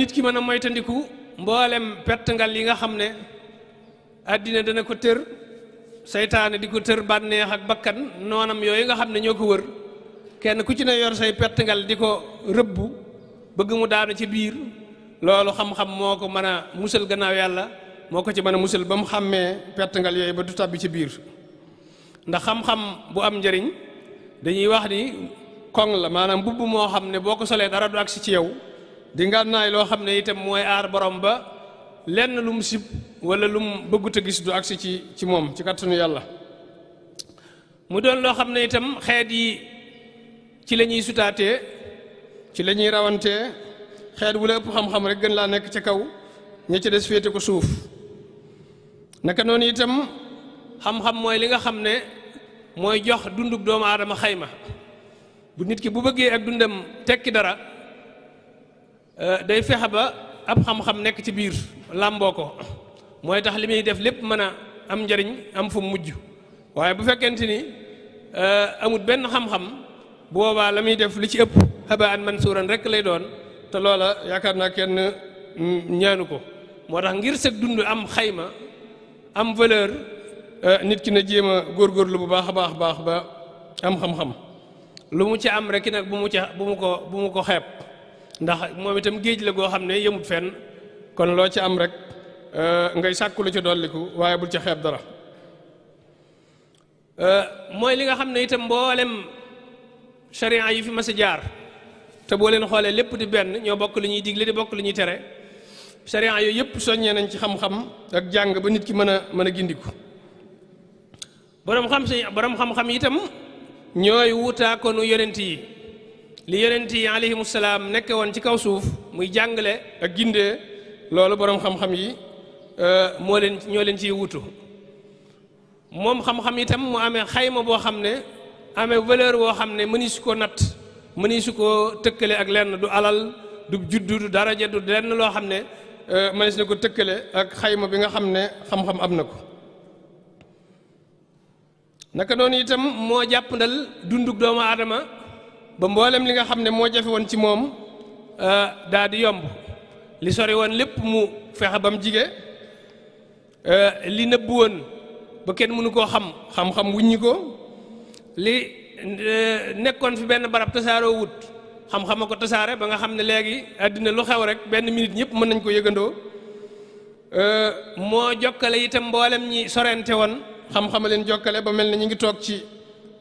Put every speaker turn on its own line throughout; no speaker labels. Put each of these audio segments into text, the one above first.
nit ki mën a moytandiku mboolem pettangal yi nga xam ne àddina dana ko tër seytaane di ko tër bànneex ak bakkan noonam yooyu nga xam ne ñoo ko wër kenn ku ci ne yor say pettangal di ko rëbbu bëgg mu daanu ci biir loolu xam-xam moo ko mën a musal gannaaw yàlla moo ko ci mën a musal ba mu xàmmee pettangal yooyu ba du tàbbi ci biir ndax xam-xam bu am njëriñ dañuy wax ni koŋ la maanaam mbubb moo xam ne boo ko solee dara du agsi ci yow dinga ngànnaay loo xam ne itam mooy aar borom ba lenn lu mu sib wala lu mu bëggut a gis du agsi ci ci moom ci kattanu yàlla mu doon loo xam ne itam xeet yi ci la ñuy sutaatee ci la ñuy rawantee xeet wu la ëpp xam-xam rek gën laa nekk ca kaw ña ca des féete ko suuf naka noonu itam xam-xam mooy li nga xam ne mooy jox dundub doomu aadama xayma bu nit ki bu bëggee ak dundam tekki dara Euh, day fexe ba ab xam-xam nekk ci biir làmboo ko mooy tax li muy def lépp mën a am njariñ am fu mujj waaye bu fekkente ni euh, amut benn xam-xam bu boobaa la muy def li ci ëpp man mansuuran rek lay doon te loola yaakaar naa kenn ñaanu ko moo tax ngir sëg dund am xayma am valeur euh, nit ki na jéem a góorgóorlu bu baax a baax baax ba am xam-xam lu mu ci am rek nag bu mu ca bu mu ko bu ko xeeb ndax moom itam géej la goo xam ne yemut fenn kon loo ci am rek euh, ngay sàkku lu ci dolliku waaye bul ci xeeb dara euh, mooy li nga xam ne itam mboolem charia yi fi mas a jaar te boo leen xoolee lépp di benn ñoo bokk li ñuy digle di bokk li ñuy tere charia yooyu yëpp soññee nañ ci xam-xam ak jàng ba nit ki mën a mën a gindiku borom xam si borom xam-xam itam ñooy wutaakoonu yonent yi li yonent yi alayhimu salaam nekk woon ci kaw suuf muy jàngale ak gindee loolu boroom xam-xam yi euh, moo leen ñoo leen ciy wutu moom xam-xam itam mu amee xayma boo xam ne amee valeur woo xam ne mënisu ko natt mënisu ko tëkkale ak lenn du alal du juddu du daraja du lenn loo xam ne euh, mënees ko tëkkale ak xayma bi nga xam ne xam-xam am na ko naka noonu itam moo jàppandal dundug doomu aadama ba mboolem li nga xam ne moo jafe woon ci moom euh, daa di yomb li sori woon lépp mu fexe ba mu jige euh, li nëbbu woon ba kenn mënu koo xam xam-xam wuññi ko li euh, nekkoon fi benn barab tasaaroo wut xam-xama ko tasaare ba nga xam ne léegi àddina lu xew rek benn minute ñëpp mën nañ ko yëgandoo moo jokkale itam mboolem ñi sorente woon xam-xama leen jokkale ba mel ne ñu ngi toog ci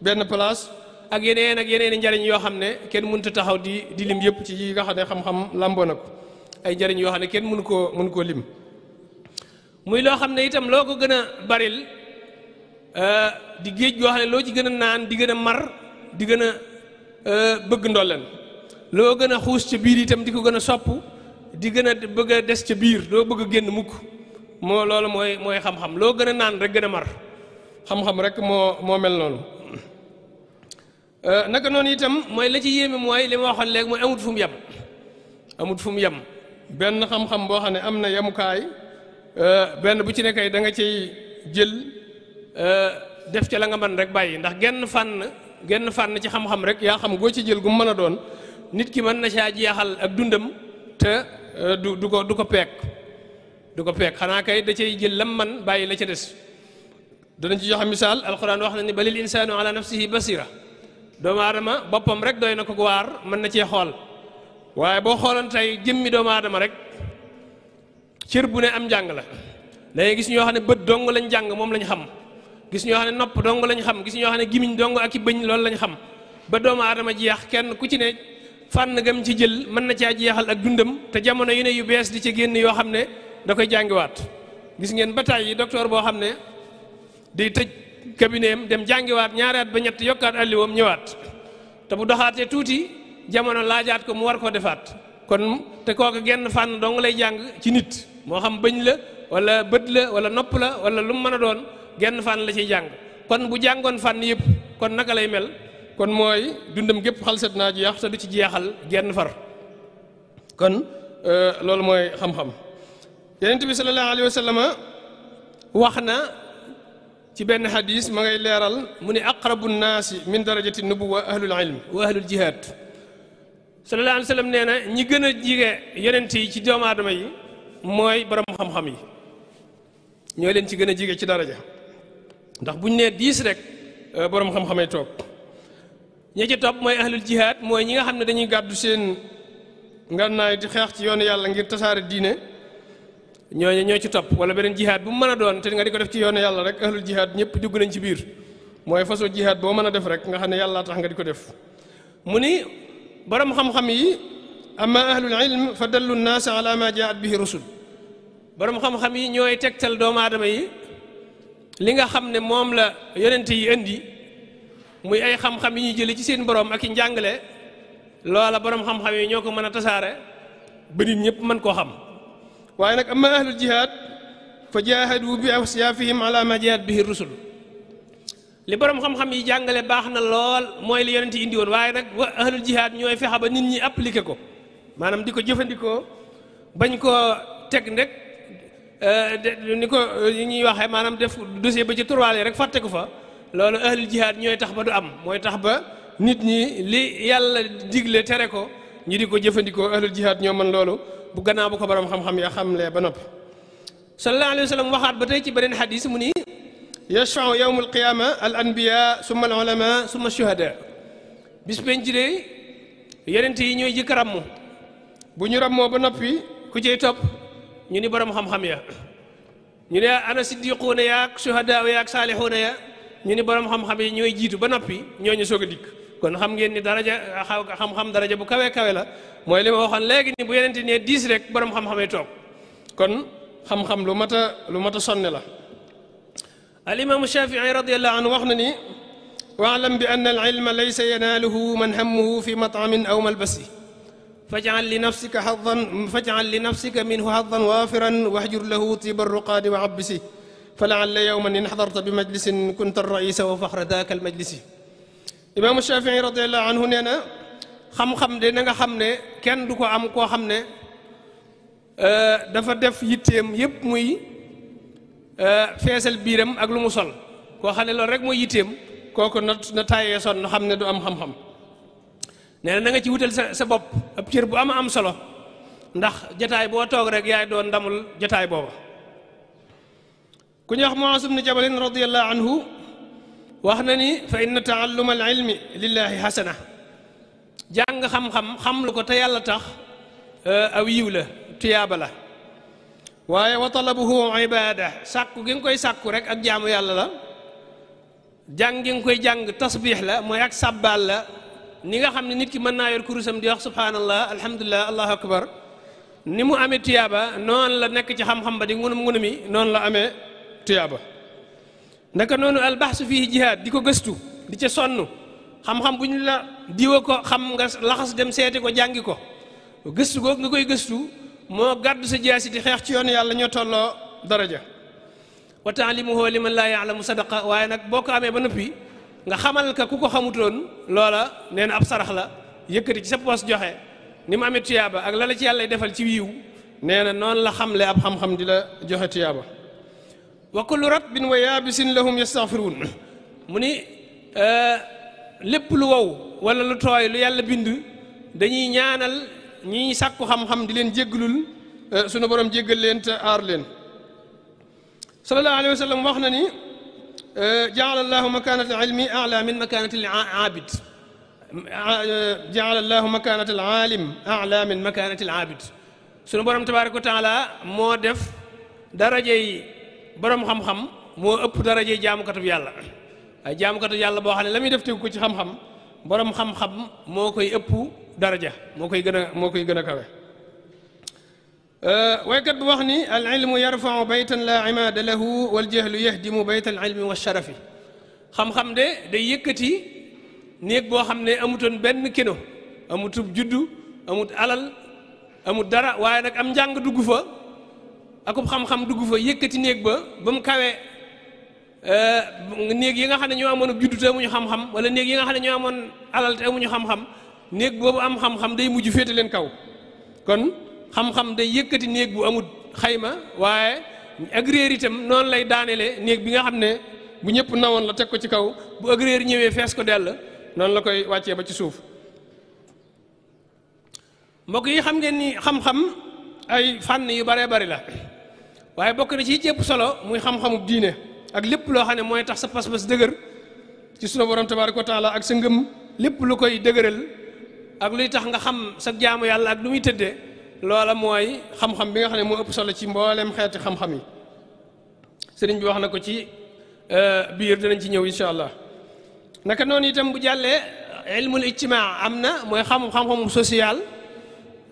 benn place ak yeneen ak yeneen i njariñ yoo xam ne kenn mënut taxaw di di lim yëpp ci yi nga xam ne xam-xam lamboo na ko ay njariñ yoo xam ne kenn munu koo mënu koo lim muy loo xam ne itam loo ko gën a baril euh, di géej goo xam ne loo ci gën a naan di gën a mar di gën a euh, bëgg ndolleen loo gën a xuus ca biir itam di ko gën a sopp di gën a bëgg a des ca biir loo bëgg génn mukk moo loolu mooy mooy xam-xam loo gën a naan rek gën a mar xam rek moo moo mel noonu Euh, naka noonu itam mooy la ci yéeme mooy li ma waxoon léegi mooy amut fu mu yem amut fu mu yem benn xam-xam boo xam ne am na yemukaay euh, benn bu ci nekkee da nga cay jël euh, def ca la nga man rek bàyyi ndax genn fànn genn fànn ci xam-xam rek yaa xam goo ci jël gu mu mën a doon nit ki mën na caa jeexal ak dundam te du du ko du ko peek du ko peek xanaa kay da cay jël lam man bàyyi la ca des danañ ci joxe misaal alxuraan wax na ni balil insaanu ala nafsihi basira doomu aadama boppam rek dooy na ko waar mën na cee xool waaye boo xooloon tey jëmmi doomu aadama rek cër bu ne am jàng la léegi gis ñoo xam ne bët dong lañ jàng moom lañ xam gis ñoo xam ne nopp dong lañ xam gis ñoo xam ne gimiñ dong ak i bëñ loolu lañ xam ba doomu aadama jeex kenn ku ci ne fànn gam ci jël mën na caa jeexal ak dundam te jamono yu ne yu bees di ci génn yoo xam ne da koy jàngiwaat gis ngeen bataay yi docteur boo xam ne day tëj kabineem dem jàngiwaat ñaari ba ñett yokkaat alliwoom ñëwaat te bu doxaatee tuuti jamono laajaat ko mu war koo defaat kon te kooku genn fànn dong lay jàng ci nit moo xam bëñ la wala bët la wala nopp la wala lu mu mën a doon genn fànn la ciy jàng kon bu jàngoon fànn yëpp kon naka lay mel kon mooy dundam gépp xalsat naa jeex te du ci jeexal genn far kon euh, loolu mooy xam-xam yonent bi sallallahu alayhi wa wax na ci benn xadis ma ngay leeral mu ne aqrabu nnaasi min darajati nubuwa ahlul ilm wa ahlul jihaad sallallahu alayhi wa nee na ñi gën a jige yonent yi ci doomu aadama yi mooy borom xam-xam yi ñoo leen ci gën a jige ci daraja ndax buñ nee diis rek euh, boroom xam-xamay toog ñi ci topp mooy ahlul jihaad mooy ñi nga xam ne dañuy gàddu seen ngànnaay di xeex ci yoonu yàlla ngir tasaare diine ñooñu ñoo ci topp wala beneen jihaad bu mu mën a doon te nga di ko def ci yoonu yàlla rek ahlul jihaad ñëpp dugg nañ ci biir mooy façon jihaad boo mën a def rek nga xam ne yàlla tax nga ko def ni borom xam yi amma ahlul ilm fa dallu naas ala borom xam yi ñooy tegtal doomu aadama yi li nga xam ne moom la yonent yi indi muy ay xam-xam yi ñuy jële ci seen borom ak i njàngale loola borom xam-xam yi ñoo ko mën a tasaare ba nit ñëpp mën koo xam waaye nag amma ahlul jihaad fa wu bi asyaafihim ala ma jaahad bihi rusul li borom xam-xam yi jàngale baax na lool mooy li yonent yi indi woon waaye nag wa ahlul jihaad ñooy fexe ba nit ñi appliqué ko maanaam di ko jëfandikoo bañ ko teg rek eh, ni ko ñuy waxee maanaam def dossier ba ci turwaale rek fàtte ko fa loolu ahlul jihaad ñooy tax ba du am mooy tax ba nit ñi li yàlla digle tere ko ñu di ko jëfandikoo ahlul jihaad ñoo mën loolu bu gannaaw bu ko borom xam-xam ya xamlee ba noppi sallallahu alayhi wa sallam waxaat ba tey ci beneen xadis mu ni yashfau yowm alqiyaama al suma summa al ulama summa shuhada bis penc yi ñooy jëkk ràmm bu ñu ràmmoo ba noppi ku cey topp ñu ni borom xam-xam ya ñu ne ana siddiquuna yaak shuhadaa yaak saalixuuna ya ñu ni borom xam-xam yi ñooy jiitu ba noppi ñooñu soog a dikk kon xam ngeen ni daraja xam-xam daraja bu kawe kawe la mooy li ma waxoon léegi ni bu yenente ne diis rek borom xam-xamay toog kon xam-xam lu mat a lu mat a sonne la al imaamu shafii radiallahu anhu wax na ni waalam bi ann al ilma laysa yanaaluhu man hammuhu fi mataamin aw malbasi fajal li nafsika hadan fajal li nafsika minhu hadan waafiran wahjur lahu tiba ruqaadi wa abbisi fa laalla yowman in xadarta bi majlisin kunta raisa wa faxra daaka al majlisi imaamu Shafii radiallahu anhu nee na xam-xam de na nga xam ne kenn du ko am koo xam ne euh, dafa def yitteem yépp muy euh, feesal biiram ak lu mu sol koo xam ne loolu rek mooy yitteem kooku na na taayee sonn xam ne du am xam-xam nee na ci wutal sa sa bopp ab cër bu am am solo ndax jataay boo toog rek yaay doon ndamul jataay booba ku ñu wax Muaz ibn Jabal radiyallahu anhu wax na ni fa inna taalluma al ilmi lillahi xasana jàng xam-xam xam lu ko te tax euh, aw yiw la tuyaaba la waaye wa talabuhu ibada sàkku gi nga koy sàkku rek ak jaamu yàlla la jàng gi nga koy jàng tasbix la mooy ak sàbbaal la ni nga xam ne nit ki mën naa yor kurusam di wax subhanallah alhamdulilah allahu akbar ni mu amee tuyaaba noon la nekk ci xam-xam ba di ngunum ngunumi noonu la amee tuyaaba ndaka noonu albaxsu fii jihaad di ko gëstu di ca sonn xam-xam bu ñu la diwa ko xam nga laxas dem seeti ko jàngi ko gëstu googu nga koy gëstu moo gàddu sa jaasi di xeex ci yoon yàlla ñoo tolloo daraja wa taalimuhu liman laa yaalamu sadaqa waaye nag boo ko amee ba noppi nga xamal ka ku ko xamutoon loola nee na ab sarax la yëkkati ci sa poos joxe ni mu amee tuyaaba ak la la ci yàlla defal ci wiiw nee na noonu la xamle ab xam-xam di la joxe tuyaaba wa kullu ratbin wa yaabisin lahum yastaghfiruun mu ni euh, lépp lu wow wala lu tooy lu yàlla bind dañuy ñaanal ñiy sàkku xam-xam di leen jéggalul euh, sunu borom jéggal leen te aar leen sallallahu alayhi wa sallam wax na ni euh, jaala allahu makanat al ilmi ala min makanat al aabid jaala allahu makanat al aalim ala min makanat al aabid sunu borom tabaraka wa taala moo def darajey borom xam-xam moo ëpp daraje jaamukatub yàlla ay jaamukatub yàlla boo xam ne la muy def tegu ko ci xam-xam borom xam-xam moo koy ëpp daraja moo koy gën a moo koy gën a kawe euh, waykat bu wax ni al ilmu yarfau baytan la imaada lahu wal jahlu yahdimu bayt al ilmi wa sharafi xam-xam de day yëkkati néeg boo xam ne amutoon benn keno amutub juddu amut alal amut dara waaye nag am njàng dugg fa akub xam-xam dugg fa yëkkati néeg ba ba mu kawe euh, néeg yi nga xam ne ñu amoon ab juddu te amuñu xam-xam wala néeg yi nga xam ne ñoo amoon alal te amuñu xam-xam néeg boobu am xam-xam day mujj féete leen kaw kon xam-xam day yëkkati néeg bu amul xayma waaye ak itam noonu lay daanele néeg bi nga xam ne bu ñëpp nawoon la teg ko ci kaw bu ak ñëwee fees ko dell noonu la koy wàccee ba ci suuf mbokk yi xam ngeen xam-xam. ay fànn yu bare bari la waaye bokk na ci jëpp solo muy xam-xamub diine ak lépp loo xam ne mooy tax sa pas-pas dëgër ci sunu borom tabaaraka wa taala ak sa ngëm lépp lu koy dëgëral ak luy tax nga xam sa jaamu yàlla ak lu muy tëddee loola mooy xam-xam bi nga xam ne moo ëpp solo ci mbooleem xeeti xam-xam yi sëriñ bi wax na ko ci euh, biir dinañ ci ñëw incha allah naka noonu itam bu jàllee ilmul ijtimaa am na mooy xam xam-xamu social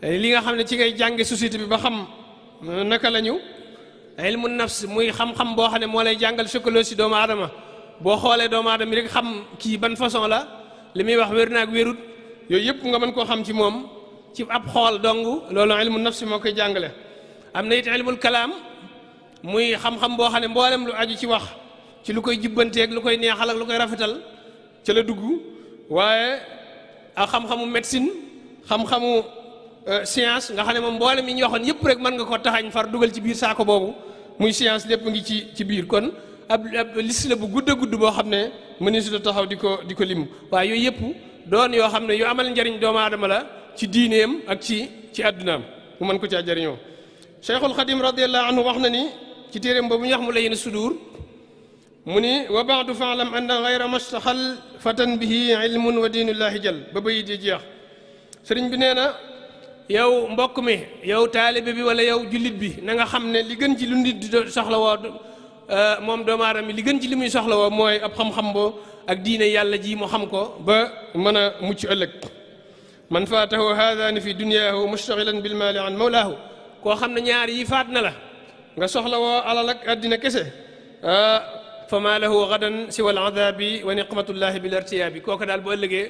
li nga xam ne ci ngay jànge société bi ba xam euh, naka la ñu ilmu nafs muy xam-xam boo xam ne moo lay jàngal psychologie doomu aadama boo xoolee doomu aadama yi rek xam kii ban façon la li muy wax wér naag wérut yooyu yëpp nga man koo xam ci moom ci ab xool dong loolu ilmu nafs moo koy jàngale am na it ilmul kalaam muy xam boo xam ne mboolem lu aju ci wax ci lu koy jubbanteeg lu koy neexal ak lu koy rafetal ca la dugg waaye ak xam-xamu médecine xam-xamu Euh, science nga xam ne moom mboole mi ñu waxoon yëpp rek mën nga ko taxañ far dugal ci biir saako boobu muy science lépp ngi ci ci biir kon ab ab la bu gudd a gudd boo xam ne mëneesu la taxaw di ko di ko lim waaye yëpp doon yoo xam ne yu amal njariñ doomu aadama la ci diineem ak ci ci addunaam mu mën ko caa jariñoo cheikhul xadim radiallahu anhu wax na ni ci téeréem boobu ñu wax mu la yéen sudur mu ni wa baadu faalam anna gayra mastaxal fatan bihi ilmun wa diinullahi jal ba bayit yi jeex sëriñ bi nee na yow mbokk mi yow taalibe bi wala yow jullit bi na nga xam ne li gën ci lu nit di soxla woo euh, moom doomu aadama li gën ci li muy soxla wo mooy ab xam-xam boo ak diine yàlla ji mu xam ko ba mën a mucc ëllëg man faatahu haadaani fi dunyaahu mustaxilan bil maali an mawlaahu koo xam ne ñaar yi faat na la nga soxla woo alal ak àddina kese euh, fa maa lahu gadan siwa al adaabi wa niqmatullahi bil irtiyaabi kooku daal bu ëllëgee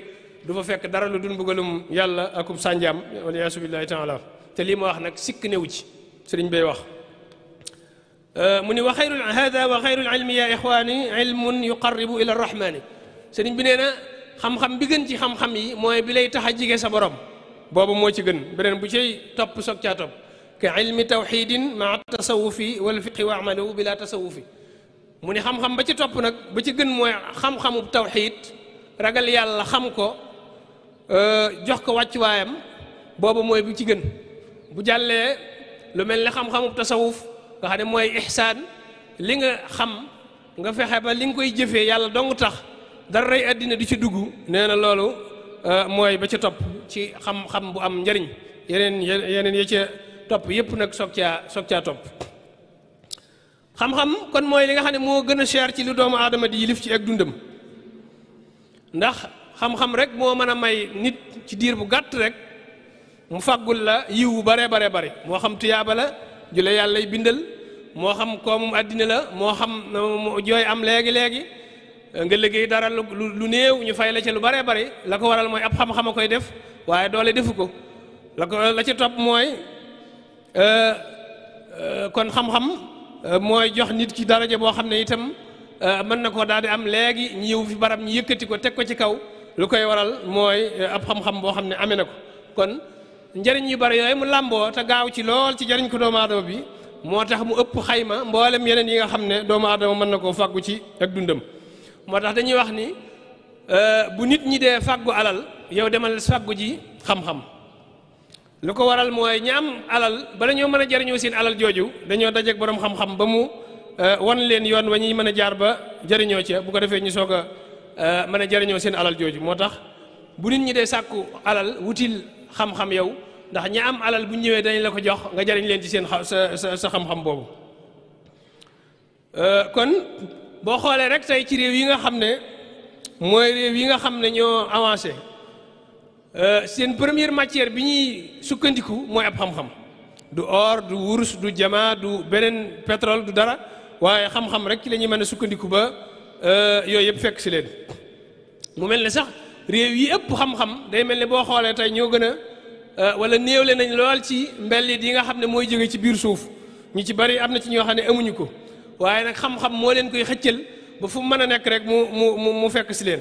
du fa fekk dara lu dul mbugalum yàlla akub sànjaam wala yaasu billaahi taala te lii ma wax nag sikk néew ci sëriñ bay wax euh, mu ni wa xayrul hada wa xayrul ilmi ya ixwaani ilmun yuqarribu ila rahmaani sëriñ bi nee na xam bi gën ci xam yi mooy bi lay tax a jige sa borom boobu moo ci gën beneen bu cay topp soog caa topp ka ilmi tawxidin maa tasawufi wal fiqi wa amalu bila tasawufi mu ni xam-xam ba ci topp nag ba ci gën mooy xam-xamub tawxid ragal yàlla xam ko Euh, jox ko wàccuwaayam boobu mooy bu ci gën bu jàllee lu mel ni xam-xamu tasawuf nga xam ne mooy ihsaan li nga xam nga fexe ba li nga koy jëfee yàlla dong tax dara rey àddina di ci dugg nee na loolu euh, mooy ba ca topp ci xam-xam bu am njariñ yeneen yeneen ya topp yépp nag soog caa topp xam-xam kon mooy li nga xam ne moo gën a cher ci lu doomu aadama di yilif ci ak dundam ndax xam-xam rek moo mën a may nit ci diir bu gàtt rek mu fàggul la yiw bu bare bare bare moo xam tuyaaba la ju la yàllay bindal moo xam koomum àddina la moo xam jooy am léegi léegi nga liggéey dara lu néew ñu fay la ca lu bare bare la ko waral mooy ab xam koy def waaye doole defu ko la la ca topp mooy euh, euh, kon xam-xam euh, jox nit ki daraja boo xam ne itam mën na ko daal di am léegi ñu yiw fi barab ñu yëkkati ko teg ko ci kaw lu koy waral mooy eh, ab xam-xam boo xam ne amee na ko kon njëriñ yu bari yooyu mu làmboo te gaaw ci lool ci jëriñ ko doomu aadama bi moo tax mu ëpp xayma mboolem yeneen yi nga xam ne doomu aadama mën na koo fàggu ci ak dundam moo tax dañuy wax ni eh, bu nit ñi dee fàggu alal yow demal fàggu ji xam-xam lu ko waral mooy ñi am alal bala ñoo mën a jëriñoo seen alal jooju dañoo dajeeg borom xam-xam ba mu eh, wan leen yoon wa ñuy mën a jaar ba jariñoo ca bu ko defee ñu soog Euh, mën a jariñoo seen alal jooju moo tax bu nit ñi dee sàkku alal wutil xam-xam yow ndax ñi am alal bu ñëwee dañ la ko jox nga jariñ leen ci seen sa sa xam-xam boobu euh, kon boo xoolee rek tey ci réew yi nga xam ne mooy réew yi nga xam ne ñoo avancé euh, seen première matière bi ñuy sukkandiku mooy ab xam-xam du or du wurus du jamaa du beneen pétrole du dara waaye xam-xam rek ci la mën a sukkandiku ba Euh, yooyu yëpp fekk si leen mu mel ni sax réew yi ëpp xam-xam day mel ni boo xoolee tey ñoo gën a euh, wala néewle nañ lool ci mbellit yi nga xam ne mooy jóge ci biir suuf ñu ci bari am na ci ñoo xam ne amuñu ko waaye nag xam-xam moo leen koy xëccal ba fu mu mën a nekk rek mu mu mu fekk si leen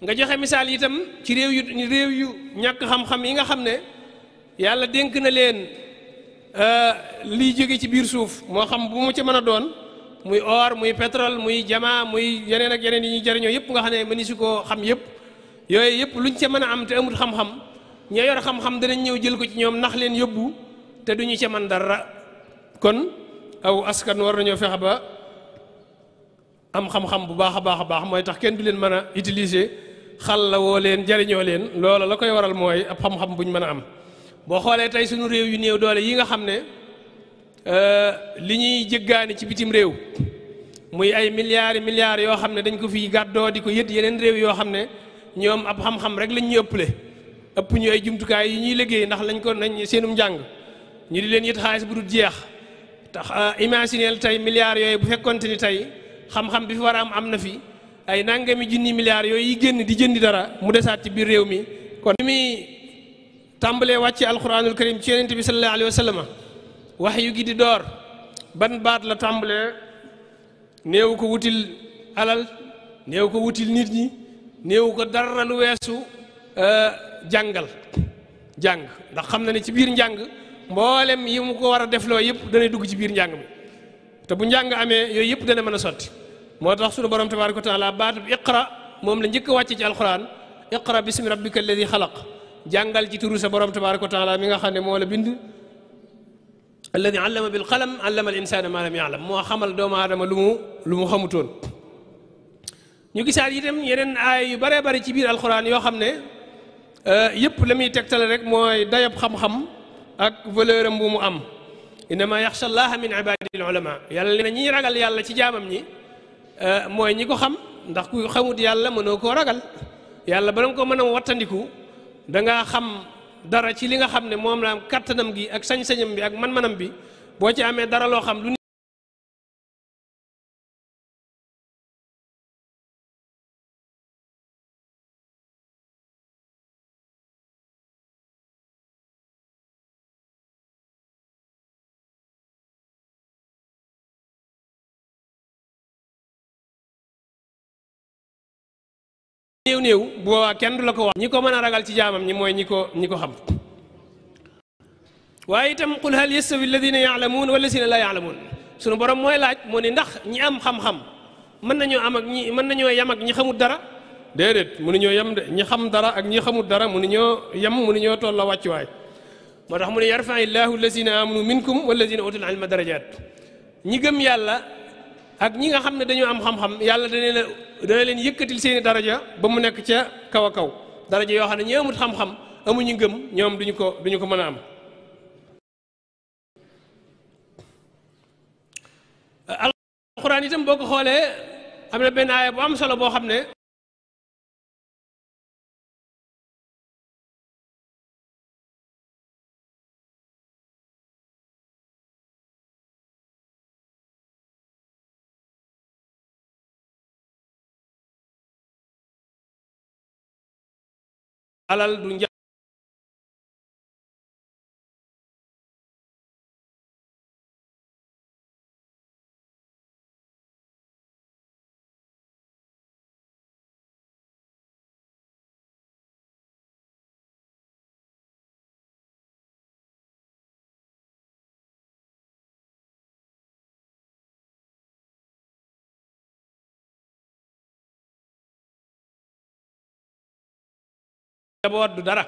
nga joxe misaal itam ci réew yu réew yu ñàkk xam-xam yi nga xam ne yàlla dénk na leen euh, liy jóge ci biir suuf moo xam bu mu ci mën a doon muy or muy pétrole muy jama muy yeneen ak yeneen yi ñuy jëriñoo yëpp nga xam ne mëni si koo xam yëpp yooyu yëpp lu ca mën am te amut xam-xam ña yor xam-xam danañ ñëw jël ko ci ñoom nax leen te duñu ca mën dara kon aw askan war nañoo fexe ba am xam bu baax a baax a baax mooy tax kenn du leen mën a utiliser xal la woo leen jëriñoo leen loola la koy waral mooy ab xam-xam buñ mën a am boo xoolee tey suñu réew yu néew doole yi nga xam ne Euh, li ñuy jëggaani ci bitim réew muy ay milliards milliards yoo xam ne dañ ko fi gàddoo di ko yët yeneen réew yoo xam ne ñoom ab xam-xam rek lañ ñu ëppale ëpp ñu ay jumtukaay yi ñuy liggéey ndax lañ ko nañ seenum njàng ñu di leen yët xaalis bu dul jeex tax euh, imagineel tey milliards yooyu bu fekkonte ni tey xam-xam bi fi war am am na fi ay nangami junni milliards yooyu yi génn di jëndi dara mu desaat ci biir réew mi kon bi muy tàmbalee wàcce alquranul karim ci yonent bi sallallahu alayhi wa sallam wax yu gi di door ban baat la tàmbalee néew ko wutil alal néew ko wutil nit ñi néew ko dara lu weesu euh, jàngal jàng ndax xam na ne ci biir njàng mboolem yi mu ko war a defloo yëpp danay dugg ci biir njàng mi te bu njàng amee yooyu yëpp dana mën a sotti moo tax sunu borom tabaaraka wa baat baatu iqra moom la njëkk a wàcce ci alquran iqra bismi rabbika alladi xalaq jàngal ci turu sa borom tabaaraka wa taala mi nga xam ne moo la bind alladi allama bil qalam allama al insana ma lam yaalam moo xamal doomu aadama lu mu lu mu xamutoon ñu gisaat itam yeneen ay yu bëree ci biir alxuraan yoo xam ne euh, yépp la muy tegtale rek mooy dayab xam-xam ak valeur am mu am innama yaxsha allaha min ibadil ulama yàlla nee na ragal yàlla ci jaamam ñi euh, mooy ñi ko xam ndax ku xamut yàlla mënoo koo ragal yàlla bala ko mën a wattandiku da xam dara ci li nga xam ne moom la am kattanam gi ak sañ-sañam bi ak man-manam bi boo ci amee dara loo xam lu
néew néew bu boobaa kenn du la ko wax ñi ko mën a
ragal ci jaamam ñi mooy ñi ko ñi ko xam waaye itam qul hal yastawi alladina yaalamuun walladina laa yaalamuun sunu borom mooy laaj mu ni ndax ñi am xam mën nañoo am ñi mën nañoo yem ak ñi xamut dara déedéet mënuñoo yem de ñi xam dara ak ñi xamut dara mënuñoo yem mënuñoo toll la wàccuwaay moo tax mu ne yarfa illahu alladina amanu minkum walladina utul ilma darajat ñi gëm yàlla ak ñi nga xam ne dañoo am xam da leen dana leen yëkkatil seeni daraja ba mu nekk ca kaw a kaw daraja yoo xam ne ñi amut xam-xam amuñu ngëm ñoom ñu ko duñu ko mën a am alxuraan tam boo ko xoolee
am na benn aaya bu am solo boo xam ne alal du
njaboot du dara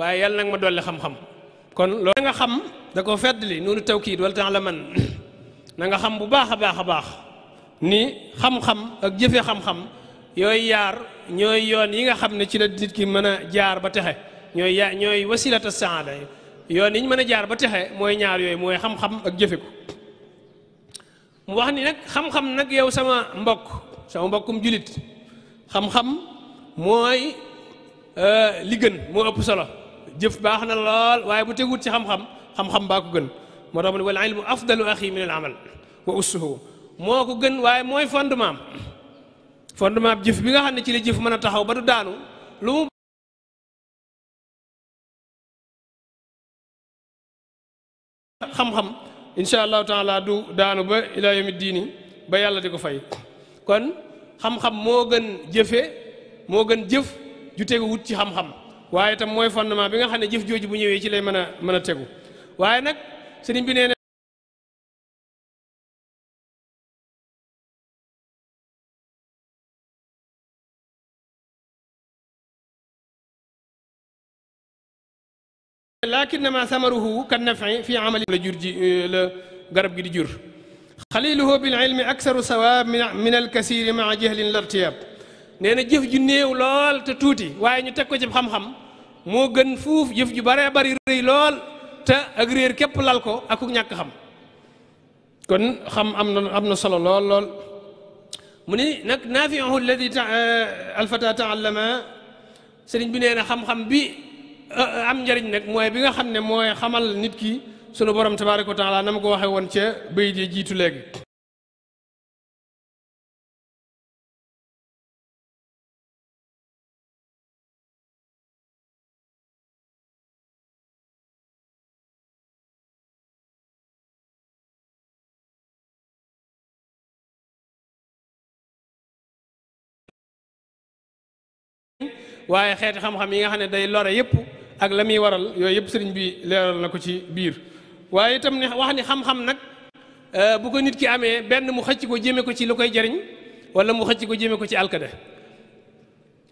waaye yàlla nag ma dolli xam-xam kon loolu nga xam da ko feddli noonu tawkiid wala tax la man na nga xam bu baax a baax a baax ni xam-xam ak jëfe xam-xam yooyu yaar ñooy yoon yi nga xam ne ci la nit ki mën a jaar ba texe ñooy ya ñooy wasilata saada yoon yi mën a jaar ba texe mooy ñaar yooyu mooy xam-xam ak jëfe ko mu wax ni nag xam-xam nag yow sama mbokk sama mbokkum julit xam-xam mooy Euh, li gën moo ëpp solo jëf baax na lool waaye bu teguut ci xam-xam xam-xam baa ko gën moo tax mu ne wal ilmu afdalu axi min al wa ussuhu moo ko gën waaye mooy fondement fondement am jëf bi nga xam ne ci la jëf mën a taxaw ba du daanu lu mu xam-xam insha allahu taala du daanu ba ila yawmi diini ba yàlla di ko fay kon xam-xam moo gën jëfe moo gën jëf ju tegu wut ci xam-xam waaye itam mooy fondement bi nga xam ne jëf jooju bu ñëwee ci lay mën a mën a tegu waaye nag sëriñ bi nee na lakinnama samaruhu kan nafi fi amali la jur ji la garab gi di jur xaliluhu bil ilmi aksaru sawaab min alkasiri maa jahlin lartiyaab nee na jëf ju néew lool te tuuti waaye ñu teg ko ci xam-xam moo gën fuuf jëf ju baree bari rëy lool te ak réer képp lal ko ak ñàkk xam kon xam am na am na solo lool lool mu ni nag naafiahu alladi eh, alfata taallama sëriñ bi nee na xam-xam bi eh, am njariñ nag mooy bi nga xam ne mooy xamal nit ki sunu borom tabaraka wa taala na mu ko waxee woon ca béy ji jiitu léegi waaye xeeti xam-xam yi nga xam ne day lore yëpp ak la muy waral yooyu yëpp sëriñ bi leeral na ko ci biir waaye tam ne wax ni xam-xam nag euh, bu ko nit ki amee benn mu xëcc ko jëme ko ci lu koy jariñ wala mu xëcc ko jëme ko ci alkade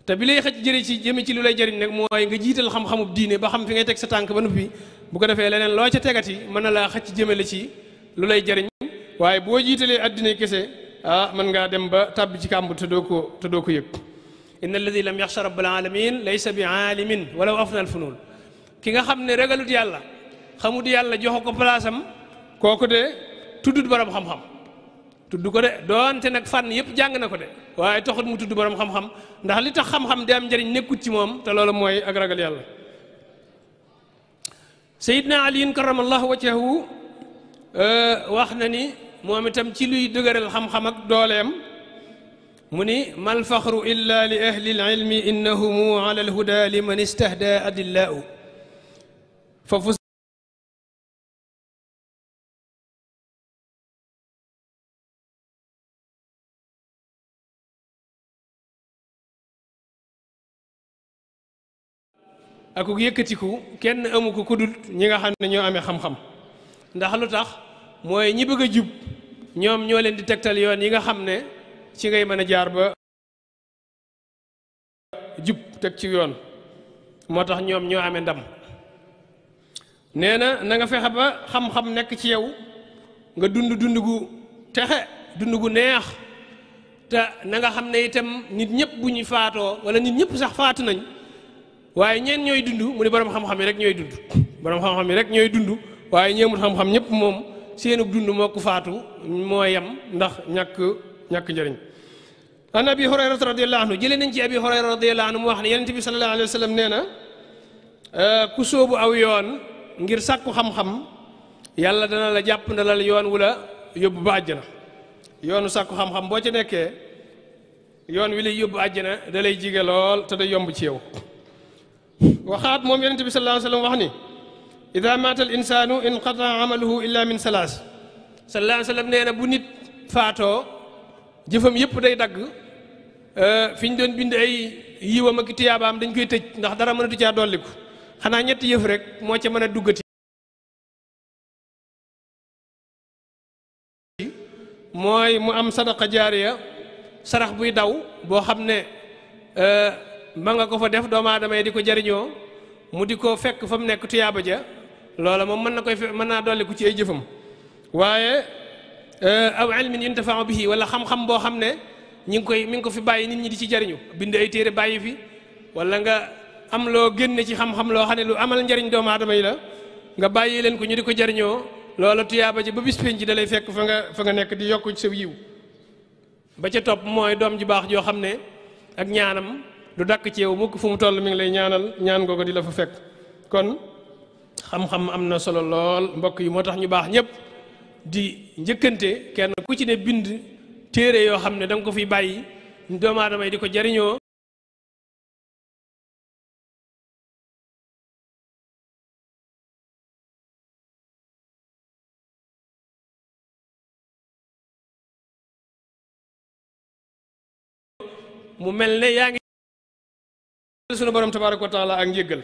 te bi lay xëcc jëri ci jëme ci lu lay jariñ nag mooy nga jiital xam-xamub diine ba xam fi ngay teg sa tànk ba noppi bu ko defee leneen loo ca tegati mën na laa xëcc jëmale ci lu lay jariñ waaye boo jiitalee addina kese ah mën ngaa dem ba tàbb ci kàmb te doo ko te doo ko yëg inna alladi lam yaxsha rabbal alamin laysa bi aalimin walaw afna al funuun ki nga xam ne ragalut yàlla xamut yàlla joxu ko place am kooku de tuddut borom xam-xam tudd ko de doonte nag fànn yëpp jàng na ko de waaye taxut mu tudd borom xam-xam ndax li tax xam-xam di am njëriñ nekkut ci moom te loolu mooy ak ragal yàlla sayidna aliyin karamallahu wajhahu euh, wax na ni moom itam ci luy dëgëral xam-xam ak dooleem mu ni mal faxru illa li ahli lilmi innahumu ala alhuda liman istahda adillaau foofu akuk yëkkatiku kenn amu ko kudul ñi nga xam ne ñoo amee xam-xam ndax lu tax mooy ñi bëgg a jub ñoom ñoo leen di tegtal yoon yi nga xam ne ci ngay mën a jaar ba jub teg ci yoon moo tax ñoom ñoo amee ndam nee na na nga fexe ba xam-xam nekk ci yow nga dund dund gu texe dund gu neex te na nga xam ne itam nit ñëpp bu ñu faatoo wala nit ñëpp sax faatu nañ waaye ñeen ñooy dund mu ne borom xam-xam yi rek ñooy dund borom xam-xam yi rek ñooy dund waaye ñeemut xam-xam ñëpp moom seenug dund moo ko faatu moo yam ndax ñàkk ñàkk njëriñ an abi hurayrata radiallahu anhu jëlee nañ ci abi hurayra radiallahu anhu mu wax ne yonent bi salallahu alayhi wa sallam nee na euh, ku sóobu aw yoon ngir sàkku xam-xam yàlla dana la jàpp na yoon wu la yóbbu yoonu sàkku xam boo ca nekkee yoon wi lay yóbbu àjjana da jige lool te day yomb ci yow waxaat moom yonent bi salallahu alayhi wa wax ni ida maata al insaanu inqataa illa min salaas salallahu alayhi wa sallam nee na bu nit faatoo jëfam yëpp day dagg Euh, fi ñu doon bind ay yiwam ak dañ koy tëj ndax dara mënatu caa dolliku xanaa ñetti yëf rek moo ca mën a duggati mooy mu am sadaqa jaariya sarax buy daw boo xam ne euh, ma nga ko fa def doomu aadama yi di ko jariñoo mu di ko fekk fa mu nekk tuyaaba ja loola moom mën na koy mën naa dolliku ci ay jëfam waaye euh, aw ilmin yuntafau bihi wala xam-xam boo xam ne ñi ngi koy mi ngi ko fi bàyyi nit ñi di ci jariñu bind ay téere bàyyi fi walla nga am loo génne ci xam-xam loo xam ne lu amal njariñ doomu aadama yi la nga bàyyi leen ko ñu di ko jariñoo loola tuyaaba ji ba bis pénc ji da lay fekk fa nga fa nga nekk di yokku ci sa yiw ba ca topp mooy doom ji baax joo xam ne ak ñaanam lu dakk ci yow mukk fu mu toll mi ngi lay ñaanal ñaan ko di la fa fekk kon xam-xam am na solo lool mbokk yi moo tax ñu baax ñëpp di njëkkante kenn ku ci ne bind téere yoo xam ne danga ko fi bàyyi doomu di ko jariñoo mu mel ne yaa ngi sunu borom tabaaraka wa taala ak njëggal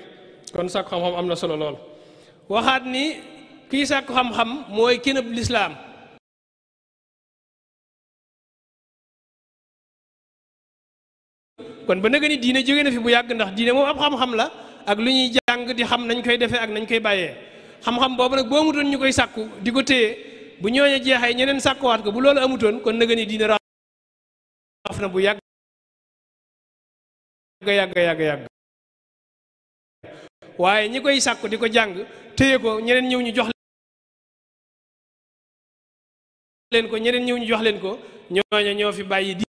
kon sàkku xam-xam am na solo lool waxaat ni kii sàkku xam-xam mooy
kenn lislaam
kon ba nag ni diine jóge na fi bu yàgg ndax diine moom ab xam-xam la ak lu ñuy jàng di xam nañ koy defee ak nañ koy bàyyee xam-xam boobu nag boo amutoon ñu koy sàkku di ko téye bu ñooñu jeexee ñeneen sàkkuwaat ko bu loolu amutoon kon nag ni diine raaf
na bu yàgg yàgg yàgg yàgg waaye ñi koy sàkku di ko jàng téye ko ñeneen ñëw ñu jox leen ko ñeneen ñëw ñu jox leen ko ñooñu ñoo fi bàyyi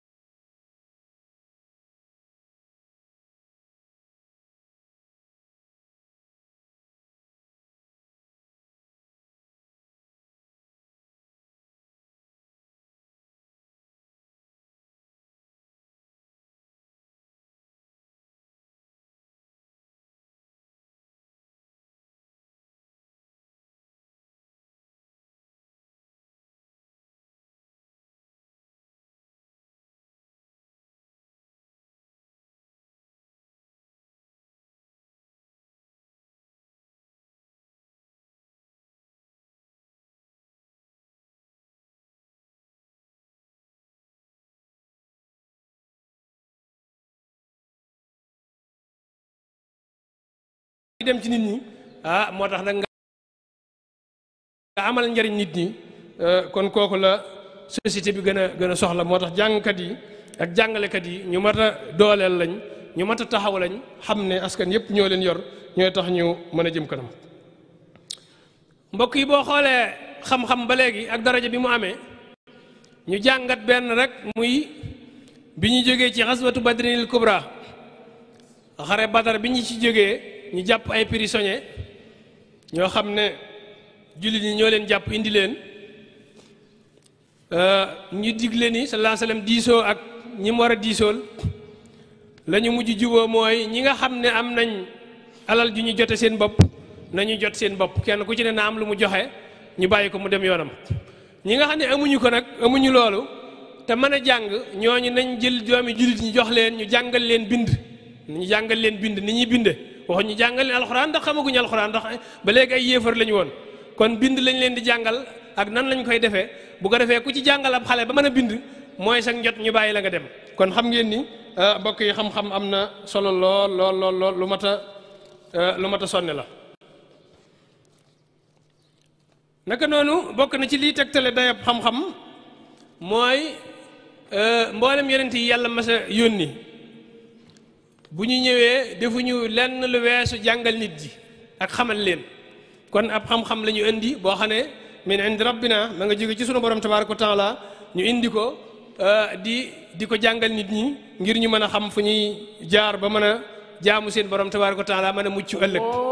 dem ci nit ñi ah moo tax nag nga amal njariñ nit ñi euh, kon kooku la société bi gën a gën a soxla moo tax jàngkat yi ak jàngalekat yi ñu mat a dooleel lañ ñu mat a taxaw lañ xam ne askan yépp ñoo leen yor ñooy tax ñu mën a jëm kanam mbokk yi boo xoolee xam-xam ba léegi ak daraja bi mu amee ñu jàngat benn rek muy bi ñu jógee ci xaswatu badrinil kubra xare badar bi ñu ci jógee ñu jàpp ay prisonniers ñoo xam ne jullit ñi ñoo leen jàpp indi leen euh, ñu digle ni sallallahu alayhi wasallam diisoo ak ñi mu war a diisool lañu mujj juboo mooy ñi nga xam ne am nañ alal ju ñu jote seen bopp nañu jot seen bopp kenn ku ci ne na am lu mu joxe ñu bàyyi ko mu dem yoonam ñi nga xam ne amuñu ko nag amuñu loolu te mën a jàng ñooñu nañ jël doomi jullit ñu jox leen ñu jàngal leen bind ñu jàngal leen bind ni ñuy binde waxuñ ñu jàngal leen alxuraan ndax xamaguñu alxuraan ndax ba léegi ay yéefar lañu woon kon bind lañ leen di jàngal ak nan lañu koy defee bu ko defee ku ci jàngal ab xale ba mën a bind mooy sax njot ñu bàyyi la nga dem kon xam ngeen ni euh, mbokk yi xam am na solo lool lool lu mat a euh, lu mat a sonne la naka noonu bokk na ci liy tegtale dayab xam-xam mooy euh, mboolem yonent yi yàlla mas a yónni bu ñu ñëwee defuñu lenn lu weesu jàngal nit ji ak xamal leen kon ab xam-xam la ñu indi boo xam ne min indi rabbina ma nga jóge ci sunu borom ko wa taala ñu indi ko euh, di di ko jàngal nit ñi ngir ñu mën a xam fu ñuy jaar ba mën a jaamu seen borom ko wa taala mën a mucc ëllëg oh.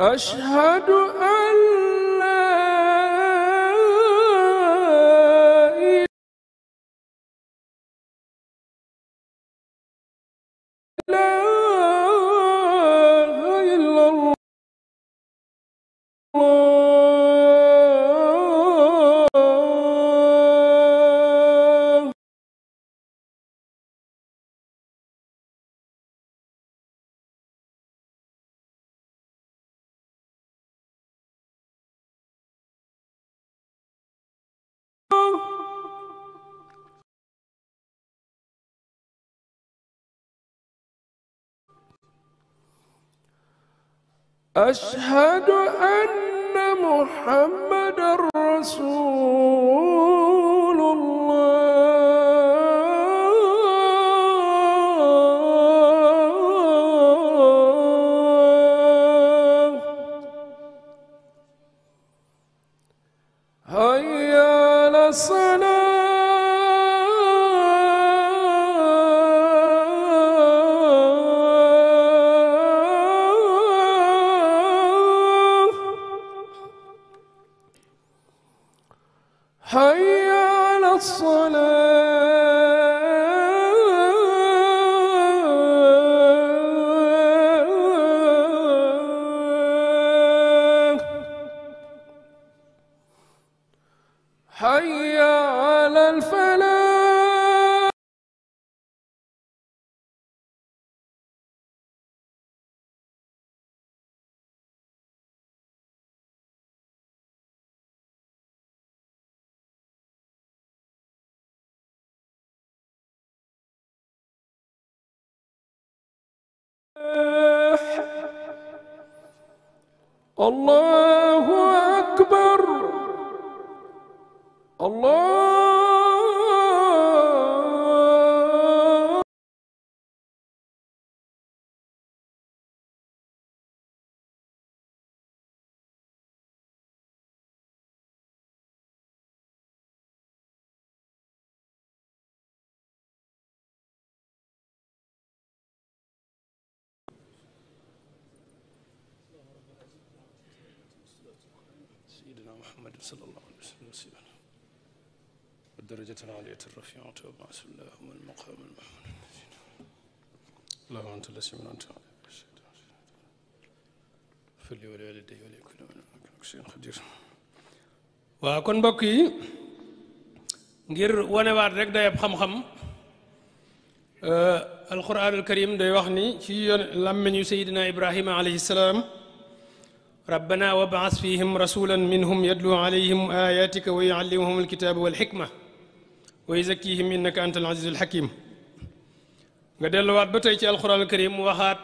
أشهد أن
أشهد أن محمد رسول الله Allah الغاية الرفيعة وبعث اللهم المقام المحمود المسجد اللهم أنت الذي أنت fële wala wala day wala seen xadir waaw kon mbokk yi ngir wanewaat rek dayab xam-xam euh, alquranul karim day wax ni ci yoon làmmiñu sayidina ibrahima alayhi salaam rabbana wab'as fihim rasulan minhum yatlu alayhim ayatika wa yuallimuhum alkitaba walxikma wa yuzakkihim innaka antal azizul hakim nga delluwaat ba tey ci alquran alkarim mu waxaat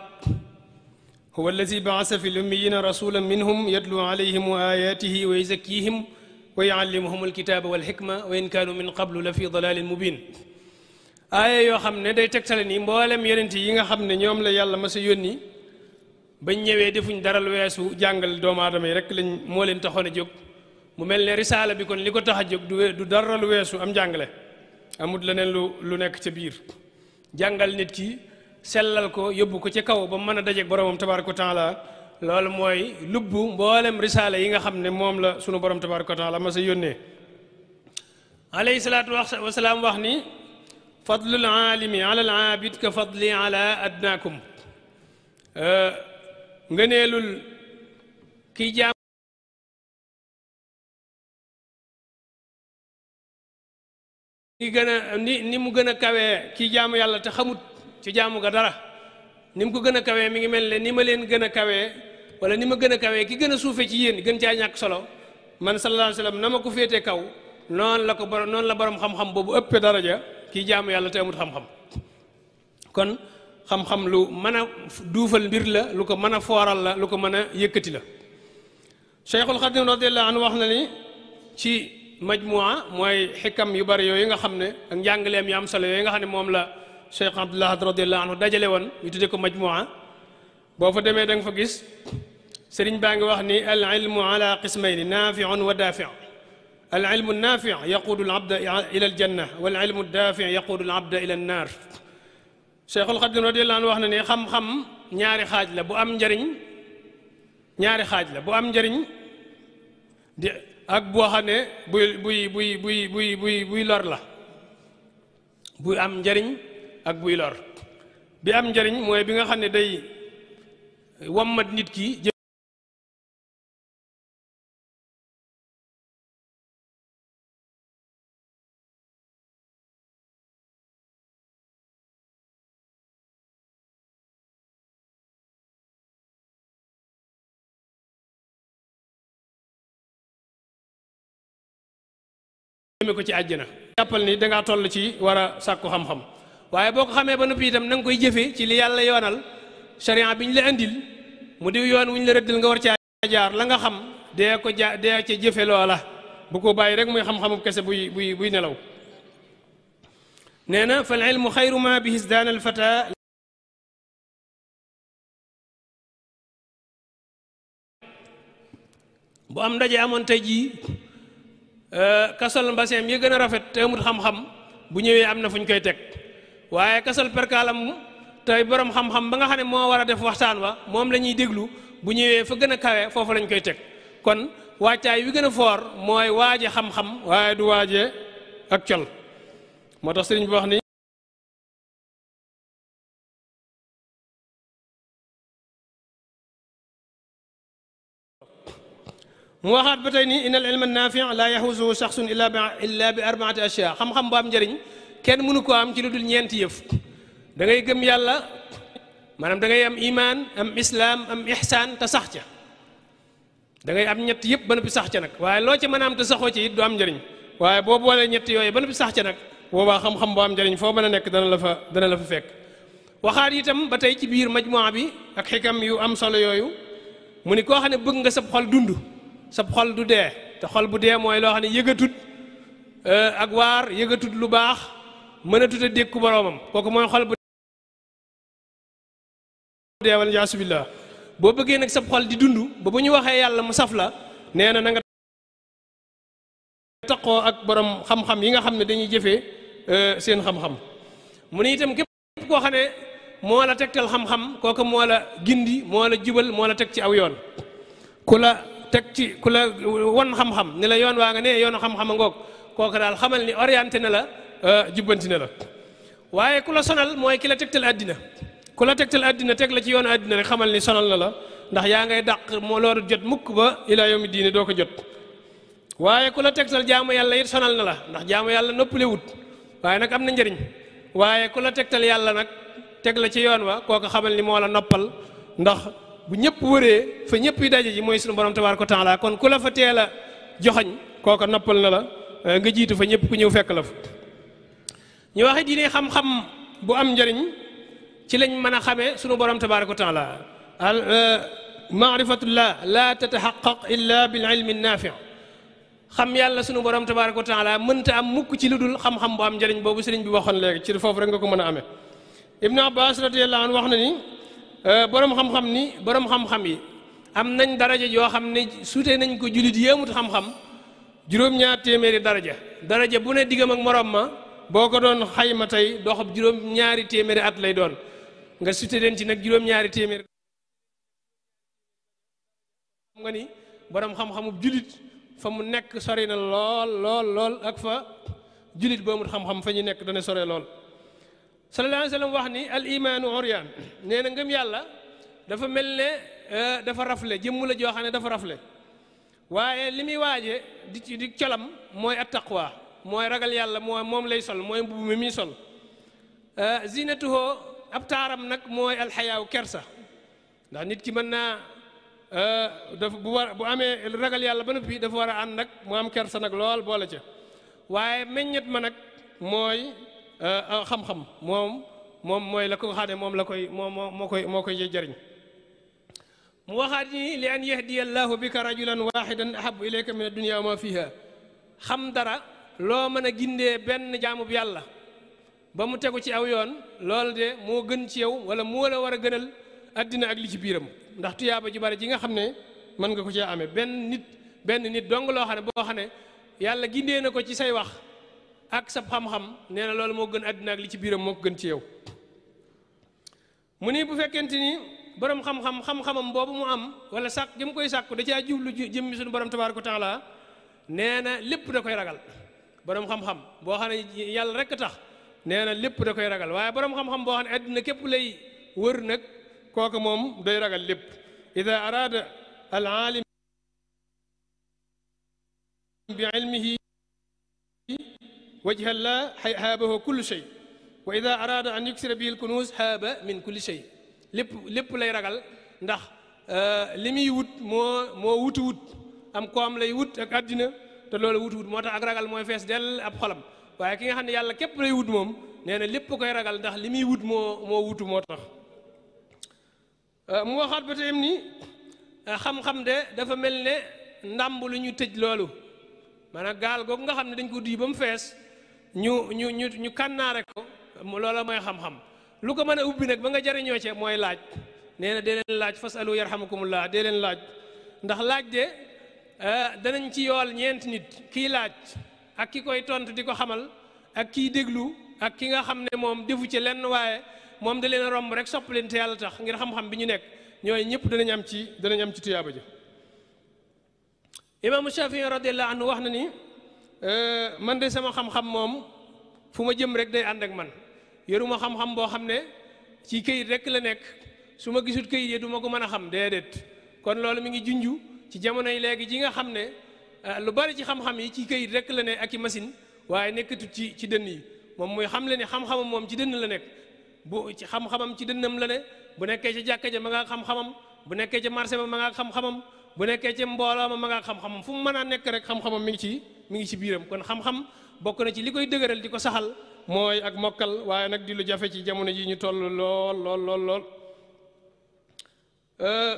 huwa allazi baasa fi lummiyina rasulan minhum yatlu alayhim wa ayatihi wa yuzakkihim wa yuallimuhum alkitaba walxikma wa in kaanu min qablu la fi dalalin mubin aaya yoo xam ne day tegtale ni mboolem yonent yi nga xam ne ñoom la yàlla ma sa yónni bañ ñëwee defuñ dara lu weesu jàngal doomu aadama yi rek lañ moo leen taxoon a jóg mu mel ne risaala bi kon li ko tax a jóg du dara lu weesu am jàngale amut leneen lu lu nekk ca biir jàngal nit ki sellal ko yóbbu ko ci kaw ba mu mën a dajeeg boromam tabaaraka wa taala loolu mooy lubbu mboolem risaala yi nga xam ne moom la sunu borom tabaaraka wa taala ma sa yónnee alayhi salaatu wasalaam wax ni fadlul aalimi ala al aabid ka fadli ala adnaakum ngëneelul kiy jaam ni gën a ni ni mu gën a kawee kii jaamu yàlla te xamut ci jaamu ga dara ni mu ko gën a kawee mi ngi mel ne ni ma leen gën a kawee wala ni ma gën a kawee ki gën a suufee ci yéen gën caa ñàkk solo man sallallahu alayhi wa sallam na ma ko féetee kaw noonu la ko borom noonu la borom xam-xam boobu ëppee daraja kii jaamu yàlla te amut xam-xam kon xam-xam lu mën a duufal mbir la lu ko mën a fooral la lu ko mën a yëkkati la Cheikhul Xadim radiyallahu anhu wax na ni ci majmua mooy xikam yu bari yooyu nga xam ne ak njàngaleem yu am solo yooyu nga xam ne moom la Cheikh Abdullah radiyallahu anhu dajale woon ñu tudde ko majmua boo fo deme da nga fa gis sëriñ baa ngi wax ni al ilmu ala qismayni naafiun wa daafi al ilmu naafi yaquudu al abda ila al janna wal ilmu daafi yaquudu al abda ila an naar Cheikhul Xadim radiyallahu wax na ne xam-xam ñaari xaaj la bu am njariñ ñaari xaaj la bu am njariñ di ak boo xam ne buy buy buy buy buy buy buy lor la buy am njariñ ak buy lor bi am njariñ mooy bi nga xam ne day wammat nit ki ko ci àjjana jàppal ni dangaa toll ci war a sàkku xam-xam waaye boo ko xamee ba noppi itam na nga koy jëfee ci li yàlla yoonal sharia bi ñu la indil mu diw yoon wu ñu la rëddil nga war caa jaar la nga xam dee ko ja dee ca jëfe loola bu ko bàyyi rek muy xam-xamu kese buy buy buy nelaw nee na fal ilmu xayru
ma bi hisdaan al fata
Euh, kasal mbaseem yi gën a rafet te amul xam-xam bu ñëwee am na fu ñu koy teg waaye kasol perkaalam tey borom xam-xam ba nga xam ne moo war a def waxtaan wa moom la déglu bu ñëwee fa gën a kawe foofu lañ koy teg kon wàccaay wi gën a foor mooy waaje xam-xam waaye du waaje ak col moo tax sëriñ bi wax ni mu waxaat ba tey nii innal ilma naafi'a laa yahuusuhu shaxsun illa bi illa bi arbaati ashyaa xam-xam bu am njëriñ kenn mënu koo am ci lu dul ñeenti yëf da ngay gëm yàlla maanaam da ngay am imaan am islaam am ihsaan te sax ca am ñett yëpp ba noppi sax ca nag waaye loo ca mën a am te ci it du am njëriñ waaye boo boolee ñett yooyu ba noppi sax ca nag boobaa xam-xam bu am njëriñ foo mën a nekk dana la fa dana la fa fekk waxaat itam ba tey ci biir majmuwa bi ak xikam am solo yooyu mu ni koo xam ne bëgg nga sab xol dund sab xol du dee te xol bu dee mooy loo xam ne yëgatut euh, ak waar yégatut lu baax mënatut a dékku boroomam kooku mooy xol bu dee wala jaasu boo bëggee nag sab xol di dundu ba bu ñu waxee yàlla mu saf la nee na na nga ak borom xam-xam yi nga xam ne dañuy jëfee euh, seen xam-xam mu ne itam képp koo xam ne moo la tegtal xam-xam kooku moo la gindi moo la jubal moo la teg ci aw yoon ku la teg ci ku la won xam-xam ne la yoon waa nga ne yoonu xam-xam a ngoog kooku daal xamal ni orienté na la euh, jubbanti na la waaye ku la sonal mooy ki la tegtal àddina ku la tegtal àddina teg la ci yoonu àddina xamal ni sonal na la ndax yaa ngay dàq moo loolu jot mukk ba ilaa yawmi diine doo ko jot waaye ku la tegtal jaamu yàlla it sonal la ndax jaamu yàlla noppale wut nag am na njëriñ nag teg la ci yoon wa kooku xamal ni moo la noppal ndax bu ñëpp wëree fa ñëpp yi daje ji mooy suñu borom tabaaraka wa taala kon ku la fa teel a joxañ kooka noppal na la eh, nga jiitu fa ñëpp ku ñëw fekk la fa ñu waxe diine xam-xam bu am njëriñ ci lañ mën a xamee suñu borom tabaaraka wa taala al eh, maarifatullah la tataxaqaq illa bil ilmi naafi xam yàlla sunu borom tabaaraka wa taala mënta am mukk ci lu dul xam-xam bu am njëriñ boobu sëriñ bi waxoon léegi ci foofu rek nga ko mën a amee ibnu abbas radiyallahu anhu wax na ni Euh, borom xam-xam ni borom xam-xam yi am nañ daraja yoo xam ne suutee nañ ko jullit yéemut xam-xam juróom-ñaar téeméeri daraja daraja bu ne diggam ak moroom ma boo ko doon xayma tey doxab juróom-ñaari téeméeri at lay doon nga suute leen ci nag juróom-ñaari téeméeri nga ni boroom xam-xamub jullit fa mu nekk sori na lool lool lool ak fa jullit boomut xam-xam fa ñu nekk dana sore lool sallallahu alayhi wa sallam wax ni al imaanu oryaan nee na ngëm yàlla dafa mel ne eh, dafa rafle jëmm la joo xam ne dafa rafle waaye li muy waaje di ci di colam mooy attaqwa mooy ragal yàlla moo moom lay sol mooy mbubb mi muy sol eh, zinatuhoo ab taaram nag mooy alxayaaw kersa ndax nit ki mën naa eh, dafa bu war bu amee ragal yàlla ba noppi dafa war a ànd nag mu am kersa nag lool boole ca waaye meññet ma nag mooy Euh, euh, xam-xam moom moom mooy la ko nga moom la koy moom moo moo koy moo koy jariñ mu waxaat ni li an yahdiya allahu bika rajulan waxidan ahabu ilayka min addunia wa ma fiha xam dara loo mën a gindee benn jaamu yàlla ba mu tegu ci aw yoon loolu de moo gën ci yow wala moo la war a gënal àddina ak li ci biiram ndax tuyaaba ju bari ji nga xam ne mën nga ko cee amee benn nit benn nit dong loo xam ne boo xam ne yàlla gindee na ko ci say wax ak sa xam-xam nee na loolu moo gën àddina li ci biiram moo gën ci yow mu ni bu fekkente ni borom xam-xam xam-xamam boobu mu am wala sàkk gi koy sàkku da caa jublu jëm suñu borom tabaaraka taala nee na lépp da koy ragal borom xam boo xam ne yàlla rek tax nee na lépp da koy ragal waaye borom xam-xam boo xam ne àddina képp lay wër nag kooku moom day ragal lépp ida araada al aalim وجه الله حابه كل شيء وإذا أراد أن يكسر به الكنوز حاب من كل شيء lépp lépp lay ragal ndax li muy wut moo moo wuti wut am koom lay wut ak àddina te loolu wuti wut moo tax ak ragal mooy fees dell ab xolam waaye ki nga xam ne yàlla képp lay wut moom nee na lépp koy ragal ndax muy wut moo moo wutu moo tax euh, mu waxaat ba teyam ni euh, xam-xam de dafa mel ne ndàmb lu ñu tëj loolu maanaam gaal googu nga xam ne dañ ko duy ba mu fees ñu ñu ñu ñu kànnaare ko loola mooy xam-xam lu ko mën a ubbi nag ba nga jariñoo cee mooy laaj nee na dee leen laaj fasalu yarhamukumullah dee leen laaj ndax laaj de eh, danañ ci yool ñeent nit kii laaj ak ki koy tont di ko xamal ak kii déglu ak ki nga xam ne moom defu ci lenn waaye moom da leen romb rek sopp leen te yàlla tax ngir xam-xam bi ñu nekk ñooy ñëpp danañ am ci danañ am ci tuyaaba ja imaamu Shafii radiyallahu wax na ni Euh, man de sama xam-xam moom fu ma jëm rek day ànd ak man yoruma xam-xam boo xam ne ci këyit rek la nekk su ma gisul këyit yi du ko mën a xam déedéet kon loolu mi ngi junj ci jamono yi léegi ji nga xam ne euh, lu bari ci xam yi ci këyit rek la ne ak i machine waaye nekkatut ci ci dënn yi moom muy xam le ne xam-xamam moom ci dënn la nekk bu ci xam-xamam ci dënnam la ne bu nekkee ca jàkka ja ma ngaa xam-xamam bu nekkee ci marché ba ma ngaa xam-xamam bu nekkee ca mbooloo ma ma ngaa xam-xamam fu mu mën a nekk rek xam-xamam mi ngi ci mi ngi ci biiram kon xam-xam bokk na ci li koy dëgëral di ko saxal mooy ak mokkal waaye nag di lu jafe ci jamono ji ñu toll lool lool lool lool euh,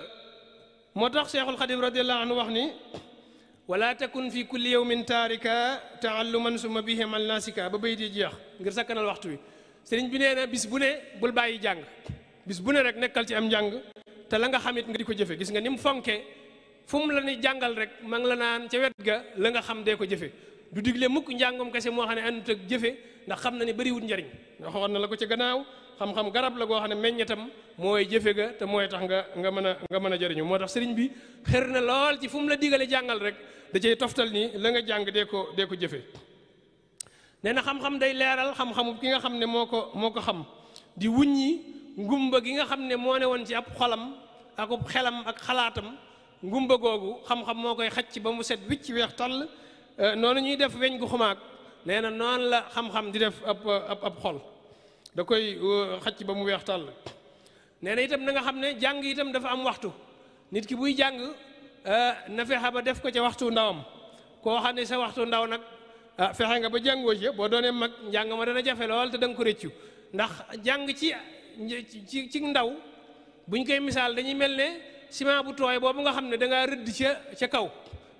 moo tax cheikhul xadim radiallahu anhu wax ni walaa takun fi kulli yawmin taarika taalluman suma bihim al nasika ba bayit yi jeex ngir sakkanal waxtu wi sëriñ bi nee na bis bu ne bul bàyyi jàng bis bu ne rek nekkal ci am njàng te la nga xamit nga di ko jëfe gis nga ni mu fonke fu mu la ni jàngal rek ma la naan ca wet ga la nga xam dee ko jëfe du digle mukk njàngom kese moo xam ne àndut ak jëfe ndax xam na ne bëriwul njariñ waxoon na la ko ci gannaaw xam-xam garab la goo xam ne meññatam mooy jëfe ga te mooy tax nga nga mën a nga mën a jëriñu moo tax sëriñ bi xër na lool ci fu la digale jàngal rek da cay toftal ni la nga jàng ko dee ko jëfe nee na xam day leeral xam ki nga xam ne moo ko moo ko xam di wuññi ngumba gi nga xam ne moo ne woon ci ab xolam akub xelam ak xalaatam ngumba googu xam-xam moo koy xacc ba mu set wicc weex toll euh, noonu ñuy def weñ gu xumaag nee na noonu la xam-xam di def ab ab xol da koy euh, xacc ba mu weex toll nee na itam na nga xam ne jàng itam dafa am waxtu nit ki buy jàng euh, na fexe ba def ko ca waxtu ndawam koo xam ne sa waxtu ndaw nag ah, fexe nga ba jàngoo ci boo doonee mag njàng ma dana jafe lool te da ko rëccu ndax jàng ci ci ci ndaw buñ koy misaal dañuy mel ne ciment bu tooy boobu nga xam ne da ngaa rëdd ca ca kaw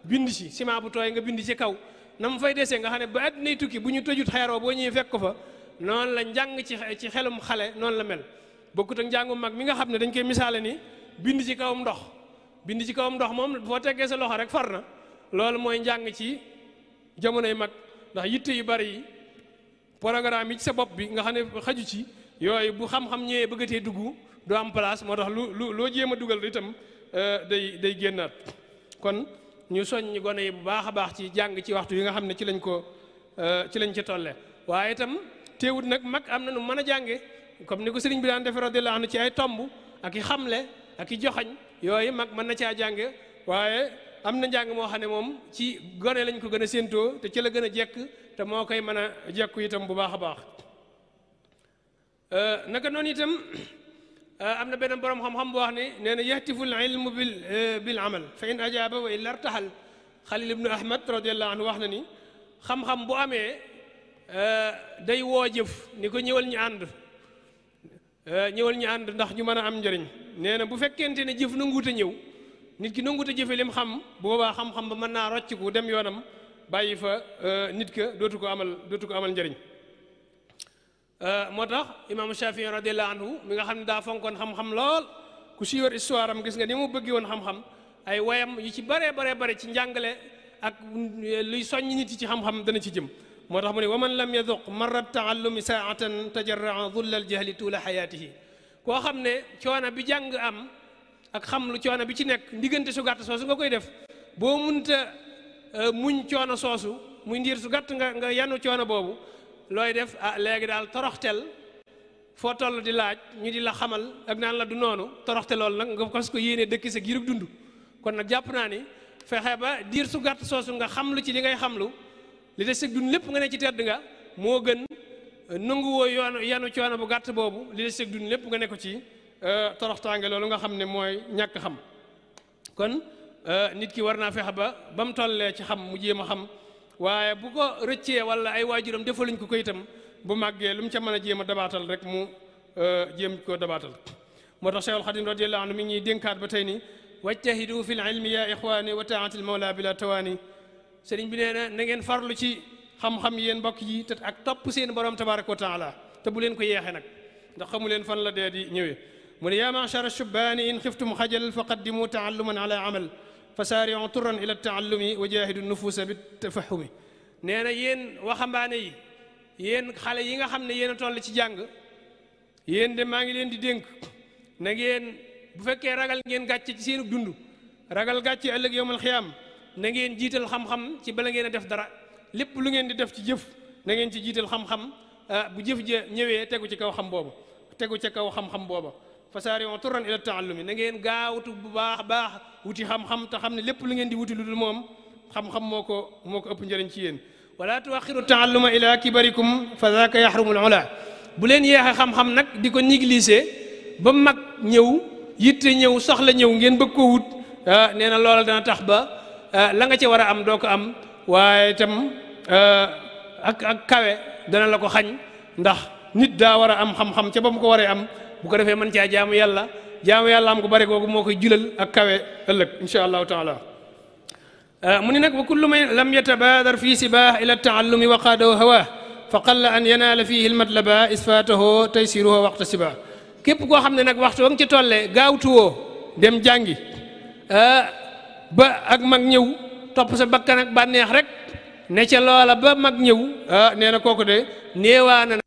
bind ci ciment bu tooy nga bind ci kaw na mu fay desee nga xam ne ba àddinay tukki bu ñu tëjut xeeroo boo ñuy fekk fa noon la njàng ci ci xelum xale noonu la mel bokkut ak njàngu mag mi nga xam ne dañ koy misaale nii bind ci kawam ndox bind ci kawam ndox moom boo teggee sa loxo rek far na loolu mooy njàng ci jamonoy mag ndax yitte yu bari yi programme yi ci sa bopp bi nga xam ne xaju ci yooyu bu xam-xam ñëwee bëggatee dugg du am moo tax lu lu loo jéem a dugal itam euh, day day génnaat kon ñu soññ gone yi bu baax a baax ci jàng ci waxtu yi nga xam ne ci lañ ko euh, ci lañ ci tolle waaye itam teewut nag mag am na nu mën a jànge comme ni ko sëriñ bi daan defee radiyallahu anhu ci ay tomb ak i xamle ak i joxañ yooyu mag mën na caa jànge waaye am na njàng moo xam ne moom ci gone lañ ko gën a séentoo te ci la gën a jekk te moo koy mën a jekku itam bu baax a baax euh, naka noonu itam Euh, am na benn borom xam-xam bu wax ni nee na yaxtifu l ilmu bil euh, bil amal fa in ajaaba wa illa artaxal xalil ibnu ahmad radiallahu anhu wax na ni xam-xam bu amee euh, day woo jëf ni ko ñëwal ñu ànd ñëwal ñu ànd ndax ñu mën a am njëriñ nee na bu fekkente ne jëf nanguut a ñëw nit ki nanguut a jëfe xam bu boobaa xam-xam ba mën naa rocc ku dem yoonam bàyyi fa nit ka dootu ko amal dootu ko amal njariñ Euh, moo tax imaamu Shafii radiallahu anhu mi nga xam ne daa fonkoon xam-xam lool ku si siiwar histoire am gis nga ni mu bëggi woon xam-xam ay wayam yu ci baree baree bare ci njàngale ak luy soññ nit yi ci xam-xam dana ci jëm moo tax mu ne waman lam yaduq marra taallumi saatan tajarraa dullal jahli tuula xayaatihi koo xam ne coono bi jàng am ak xam lu coono bi ci nekk ndiggante su gàtt soosu nga koy def boo munta euh, muñ coono soosu muy ndiir su gàtt nga nga yanu coono boobu looy def ah léegi daal toroxtel foo toll di laaj ñu di la xamal ak naan la du noonu toroxte loolu nag nga kos ko yéene dëkk sa giirug dund kon nag jàpp naa ni fexe ba diir su gàtt soosu nga xam lu ci li ngay xam lu li des sa dund lépp nga ne ci tedd nga moo gën euh, nangu woo yoonu yanu coono bu gàtt boobu li des sa dund lépp nga ne ko ci euh, toroxtaange loolu nga xam ne mooy ñàkk xam kon euh, nit ki war naa fexe ba ba mu tollee ci xam mu jéem a xam waaye bu ko rëccee wala ay waajuram defaluñ ko ko itam bu màggee lu mu ca mën a jéem a dabaatal rek mu euh, jéem koo dabaatal moo tax Cheikhul Xadim radiyallahu anhu mi ngi denkaat ba tey ni wajtahidu fil ilmi ya ixwaani wa taatil mawla bila tawaani sëriñ bi nee na na ngeen farlu ci xam-xam yéen mbokk yi te ak topp seen borom tabaraka wa taala te bu leen ko yeexee nag ndax xamu leen fan la dee di ñëwee mu ne yaa machara shubaani in xiftum xajal fa qaddimu taalluman fa saariu turan ila taallumi wa jaahidu nufuusa bi tafahumi nee na yéen waxambaane yi yéen xale yi nga xam ne yéen a toll ci jàng yéen de maa ngi leen di dénk na ngeen bu fekkee ragal ngeen gàcce ci seenu dund ragal gàcce ëllëg yowmal xiyaam na ngeen jiital xam-xam ci bala ngeen a def dara lépp lu ngeen di def ci jëf na ngeen ci jiital xam-xam ah, bu jëf ja ñëwee tegu ci kaw xam booba tegu ca kaw xam-xam booba fasaarion turan ila taallumi na ngeen gaawtu bu baax baax wuti xam-xam ta xam ne lépp lu ngeen di wuti lu dul moom xam-xam moo ko moo ko ëpp njëriñ ci yéen wala tuwaxiru taalluma ila kibarikum fa zaaka yaxrumul ola bu leen yeexe xam-xam nag di ko négliger ba mag ñëw yitte ñëw soxla ñëw ngeen bëgg ko wut ah, nee na loola dana tax ba ah, la nga ca war a am doo ko am waaye tam ah, ak ak kawe dana la ko xañ ndax nit daa war a am xam-xam ca ba mu ko waree am bu ko defee mën caa jaamu yàlla jaamu yàlla am ko bare googu moo koy julal ak kawe ëllëg insha allahu taala ah, mu ni nag wa kullu may lam yatabaadar fi sibah ila taallumi wa qaadahu hawa fa qalla an yanaala fihi lmatlaba isfaatahu taysiruhu waxta sibah képp koo xam ne nag waxtu wa nga ci tollee gaawtuwoo dem jàngi ah, ba ak mag ñëw topp sa bakkan ak bànneex rek ne ca loola ba mag ñëw ah nee na de néewaa